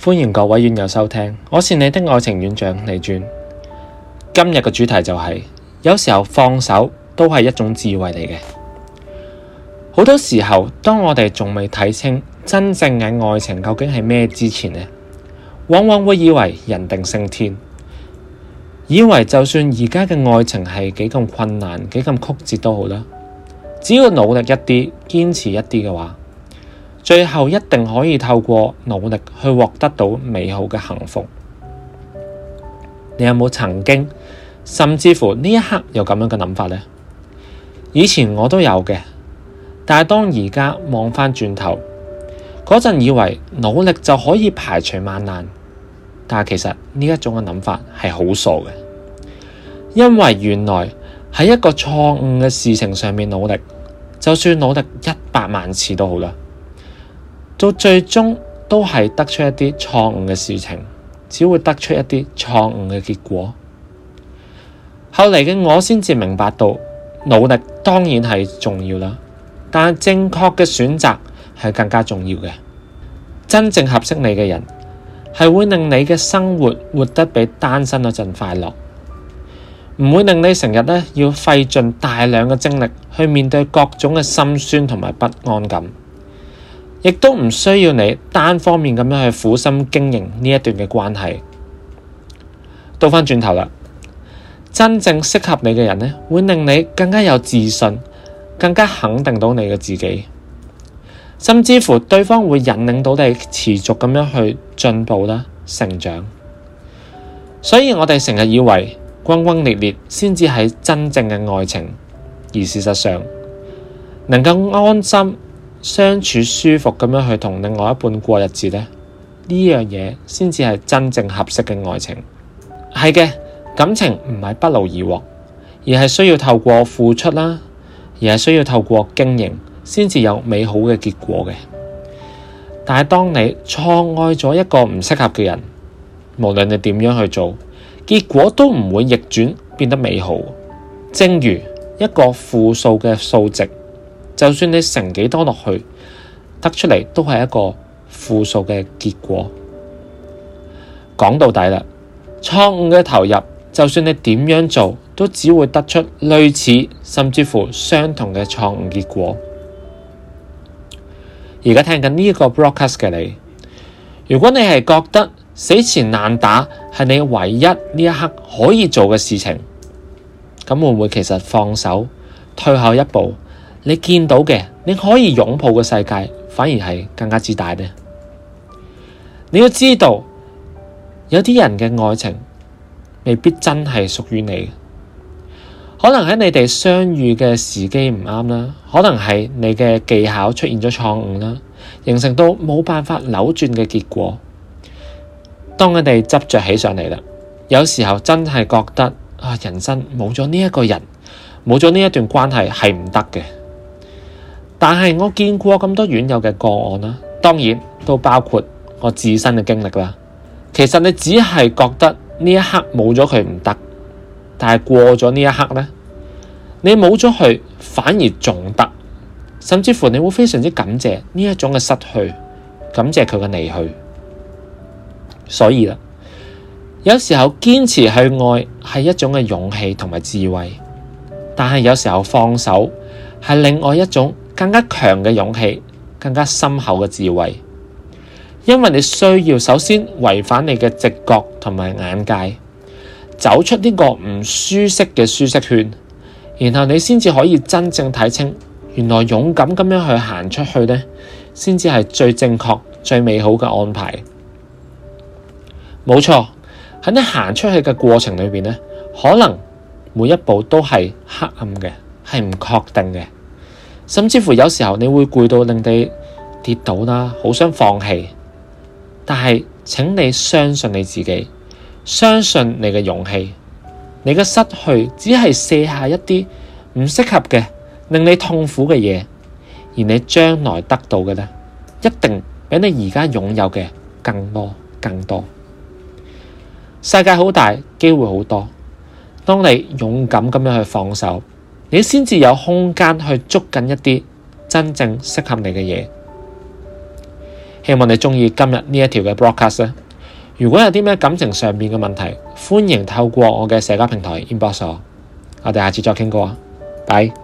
歡迎各位院友收聽，我是你的愛情院長李專。今日嘅主題就係，有時候放手都係一種智慧嚟嘅。好多時候，當我哋仲未睇清真正嘅愛情究竟係咩之前呢，往往會以為人定勝天，以為就算而家嘅愛情係幾咁困難，幾咁曲折都好啦，只要努力一啲，堅持一啲嘅話。最後一定可以透過努力去獲得到美好嘅幸福。你有冇曾經甚至乎呢一刻有咁樣嘅諗法呢？以前我都有嘅，但係當而家望翻轉頭嗰陣，那以為努力就可以排除萬難，但其實呢一種嘅諗法係好傻嘅，因為原來喺一個錯誤嘅事情上面努力，就算努力一百萬次都好啦。到最終都係得出一啲錯誤嘅事情，只會得出一啲錯誤嘅結果。後嚟嘅我先至明白到，努力當然係重要啦，但正確嘅選擇係更加重要嘅。真正合適你嘅人，係會令你嘅生活活得比單身嗰陣快樂，唔會令你成日咧要費盡大量嘅精力去面對各種嘅心酸同埋不安感。亦都唔需要你單方面咁樣去苦心經營呢一段嘅關係。倒翻轉頭啦，真正適合你嘅人呢，會令你更加有自信，更加肯定到你嘅自己，甚至乎對方會引領到你持續咁樣去進步啦、成長。所以我哋成日以為轟轟烈烈先至係真正嘅愛情，而事實上能夠安心。相處舒服咁樣去同另外一半過日子呢，呢樣嘢先至係真正合適嘅愛情。係嘅，感情唔係不勞而獲，而係需要透過付出啦，而係需要透過經營先至有美好嘅結果嘅。但係當你錯愛咗一個唔適合嘅人，無論你點樣去做，結果都唔會逆轉變得美好。正如一個負數嘅數值，就算你乘幾多落去，得出嚟都係一個負數嘅結果。講到底啦，錯誤嘅投入，就算你點樣做，都只會得出類似甚至乎相同嘅錯誤結果。而家聽緊呢個 broadcast 嘅你，如果你係覺得死纏爛打係你唯一呢一刻可以做嘅事情，咁會唔會其實放手退後一步？你見到嘅，你可以擁抱嘅世界，反而係更加之大咧。你要知道，有啲人嘅愛情未必真係屬於你，可能喺你哋相遇嘅時機唔啱啦，可能係你嘅技巧出現咗錯誤啦，形成到冇辦法扭轉嘅結果。當佢哋執着起上嚟啦，有時候真係覺得啊，人生冇咗呢一個人，冇咗呢一段關係係唔得嘅。但係我見過咁多院友嘅個案啦，當然都包括我自身嘅經歷啦。其實你只係覺得呢一刻冇咗佢唔得，但係過咗呢一刻咧，你冇咗佢反而仲得，甚至乎你會非常之感謝呢一種嘅失去，感謝佢嘅離去。所以啦，有時候堅持去愛係一種嘅勇氣同埋智慧，但係有時候放手係另外一種，更加強嘅勇氣，更加深厚嘅智慧，因為你需要首先違反你嘅直覺同埋眼界，走出呢個唔舒適嘅舒適圈，然後你先至可以真正睇清，原來勇敢咁樣去行出去呢，先至係最正確、最美好嘅安排。冇錯，喺你行出去嘅過程裏面呢，可能每一步都係黑暗嘅，係唔確定嘅。甚至乎有時候你會攰到令你跌倒啦，好想放棄。但係，請你相信你自己，相信你嘅勇氣。你嘅失去只係卸下一啲唔適合嘅，令你痛苦嘅嘢。而你將來得到嘅咧，一定比你而家擁有嘅更多更多。世界好大，機會好多。當你勇敢咁樣去放手。你先至有空間去捉緊一啲真正適合你嘅嘢。希望你鍾意今日呢一條嘅 broadcast。如果有啲咩感情上面嘅問題，歡迎透過我嘅社交平台 inbox 我。我哋下次再傾過啊！拜，拜。